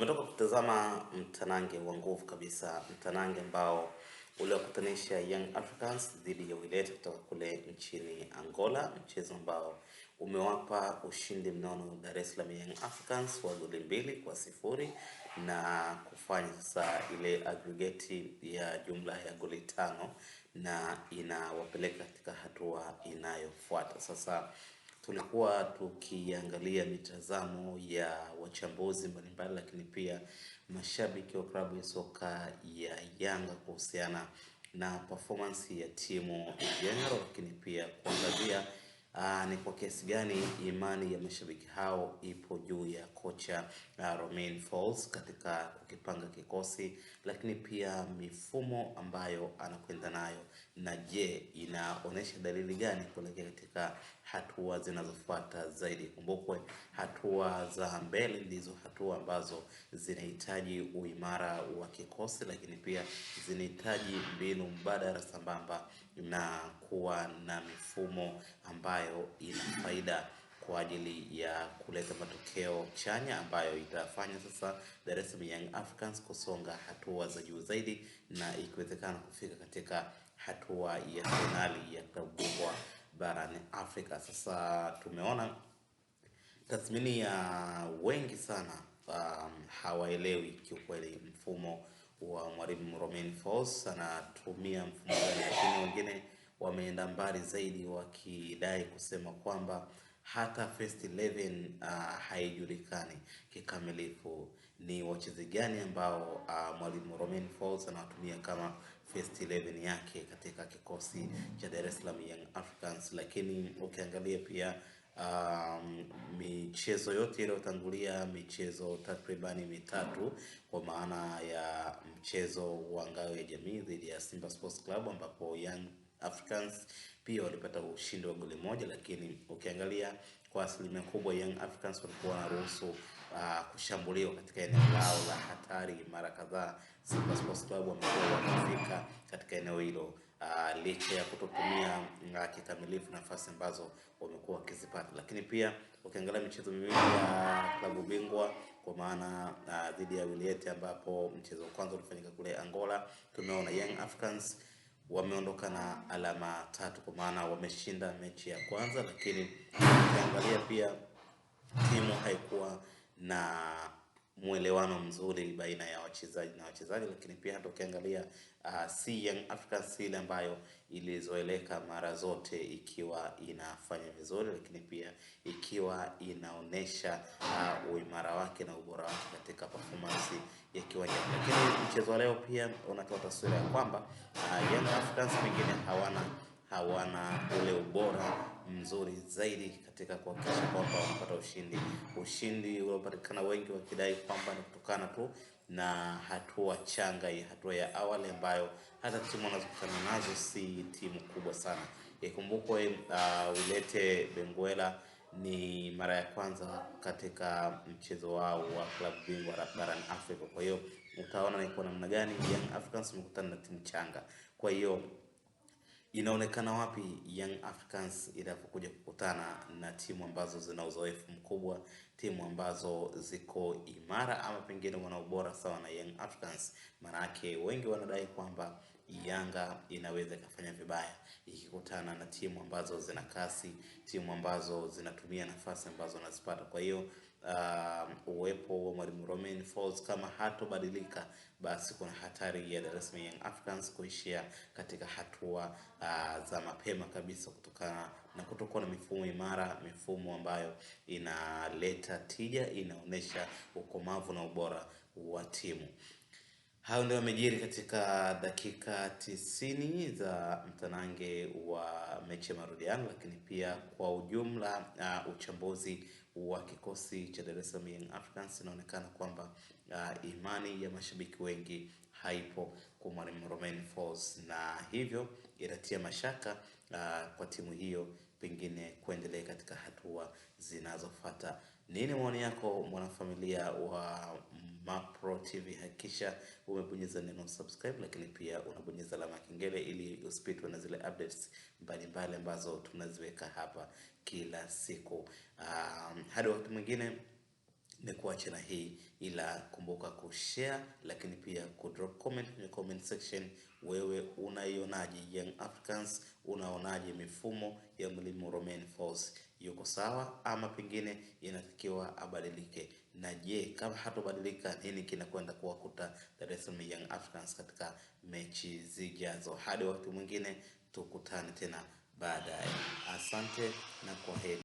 Tumetoka kutazama mtanange wa nguvu kabisa, mtanange ambao uliwakutanisha Young Africans dhidi ya Wilete kutoka kule nchini Angola, mchezo ambao umewapa ushindi mnono Dar es Salaam Young Africans wa goli mbili kwa sifuri na kufanya sasa ile aggregate ya jumla ya goli tano na inawapeleka katika hatua inayofuata sasa tulikuwa tukiangalia mitazamo ya wachambuzi mbalimbali, lakini pia mashabiki wa klabu ya soka ya Yanga kuhusiana na performance ya timu in general, lakini pia kuangazia Aa, ah, ni kwa kiasi gani imani ya mashabiki hao ipo juu ya kocha uh, Romain Folz katika kukipanga kikosi, lakini pia mifumo ambayo anakwenda nayo, na je, inaonyesha dalili gani kuelekea katika hatua zinazofuata zaidi? Kumbukwe hatua za mbele ndizo hatua ambazo zinahitaji uimara wa kikosi, lakini pia zinahitaji mbinu mbadala sambamba na kuwa na mifumo ambayo ambayo ina faida kwa ajili ya kuleta matokeo chanya ambayo itafanya sasa Dar es Salaam Young Africans kusonga hatua za juu zaidi na ikiwezekana kufika katika hatua ya fainali ya klabu bingwa barani Afrika. Sasa tumeona tathmini ya wengi sana um, hawaelewi kiukweli mfumo wa mwalimu Romain Folz anatumia mfumo gani, lakini wengine wameenda mbali zaidi wakidai kusema kwamba hata first 11 uh, ah, haijulikani kikamilifu ni wachezaji gani ambao uh, mwalimu Romain Folz anawatumia kama first 11 yake katika kikosi cha Dar es Salaam Young Africans, lakini ukiangalia pia um, michezo yote iliyotangulia, michezo takribani mitatu kwa maana ya mchezo wa ngao ya jamii dhidi ya Simba Sports Club ambapo Young Africans pia walipata ushindi wa goli moja, lakini ukiangalia kwa asilimia kubwa Young Africans walikuwa wanaruhusu uh, ah, kushambuliwa katika eneo lao la hatari mara kadhaa. Simba Sports Club wamekuwa wakifika katika eneo hilo uh, licha ya kutotumia uh, kikamilifu nafasi ambazo wamekuwa wakizipata, lakini pia ukiangalia michezo miwili ya uh, klabu bingwa kwa maana dhidi uh, ya Wiliete ambapo mchezo wa kwanza ulifanyika kule Angola, tumeona Young Africans wameondoka na alama tatu, kwa maana wameshinda mechi ya kwanza, lakini ukiangalia pia timu haikuwa na mwelewano mzuri baina ya wachezaji na wachezaji, lakini pia hata ukiangalia uh, si Young Africans ile ambayo ilizoeleka mara zote ikiwa inafanya vizuri, lakini pia ikiwa inaonyesha uh, ah, uimara wake na ubora wake katika performance ya kiwanja. Lakini mchezo wa leo pia unatoa taswira ya kwamba uh, Young Africans pengine hawana hawana ule ubora mzuri zaidi katika kuhakikisha kwamba wanapata ushindi, ushindi uliopatikana wengi wakidai kwamba ni kutokana tu na hatua changa hii, hatua ya awali ambayo hata timu wanazokutana nazo si timu kubwa sana. Ikumbukwe uh, Wilete Benguela ni mara ya kwanza katika mchezo wao wa klabu bingwa barani Afrika. Kwa hiyo utaona ni kwa namna gani Young Africans wamekutana na timu changa, kwa hiyo Inaonekana wapi Young Africans inapokuja kukutana na timu ambazo zina uzoefu mkubwa, timu ambazo ziko imara, ama pengine wana ubora sawa na Young Africans? Maanake wengi wanadai kwamba Yanga inaweza ikafanya vibaya ikikutana na timu ambazo zina kasi, timu ambazo zinatumia nafasi ambazo wanazipata. Kwa hiyo uh, uwepo wa mwalimu Romain Folz kama hatobadilika, basi kuna hatari ya Dar es Salaam Young Africans kuishia katika hatua uh, za mapema kabisa kutokana na kutokuwa na mifumo imara, mifumo ambayo inaleta tija, inaonyesha ukomavu na ubora wa timu. Hayo ndio yamejiri katika dakika tisini za mtanange wa mechi ya marudiano, lakini pia kwa ujumla uh, uchambuzi wa kikosi cha Dar es Salaam Young Africans inaonekana kwamba uh, imani ya mashabiki wengi haipo kwa mwalimu Romain Folz, na hivyo inatia mashaka uh, kwa timu hiyo pengine kuendelea katika hatua zinazofuata. Nini maoni yako mwanafamilia wa Pro TV, hakikisha umebonyeza neno subscribe, lakini pia unabonyeza alama ya kengele ili usipitwe na zile updates mbalimbali ambazo tunaziweka hapa kila siku. Um, hadi wakati mwingine ni kuacha na hii, ila kumbuka kushare, lakini pia kudrop comment kwenye comment section. Wewe unaionaje Young Africans? Unaonaje mifumo ya mwalimu Romain Folz? yuko sawa ama pengine inatakiwa abadilike, na je, kama hatobadilika nini kinakwenda kuwakuta Dar es Salaam Young Africans katika mechi zijazo? Hadi wakati mwingine, tukutane tena baadaye. Asante na kwaheri.